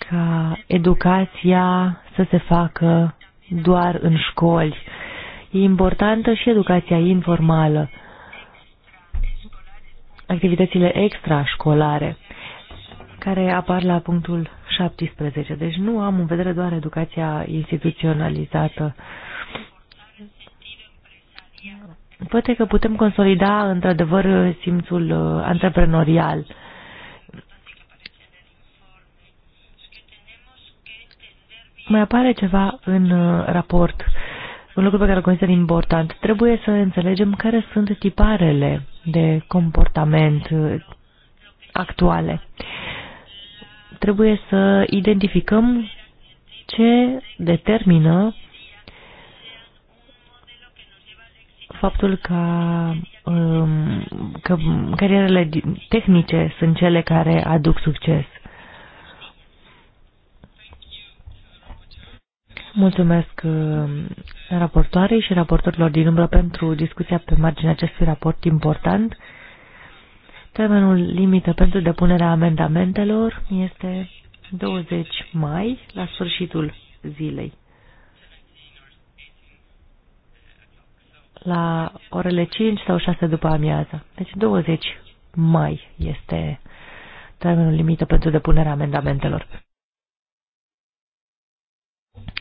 ca educația să se facă doar în școli. E importantă și educația informală, activitățile extrașcolare, care apar la punctul 17. Deci nu am în vedere doar educația instituționalizată. Poate că putem consolida într-adevăr simțul uh, antreprenorial mai apare ceva în uh, raport, un lucru pe care îl consider important. Trebuie să înțelegem care sunt tiparele de comportament uh, actuale. Trebuie să identificăm ce determină faptul că, um, că carierele tehnice sunt cele care aduc succes. Mulțumesc uh, raportoarei și raportorilor din umbră pentru discuția pe marginea acestui raport important. Termenul limită pentru depunerea amendamentelor este 20 mai, la sfârșitul zilei. La orele 5 sau 6 după amiază. Deci 20 mai este termenul limită pentru depunerea amendamentelor.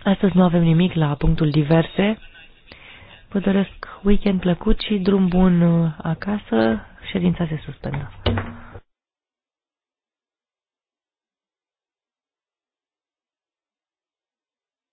Astăzi nu avem nimic la punctul diverse. Vă doresc weekend plăcut și drum bun uh, acasă. Ședința se suspendă.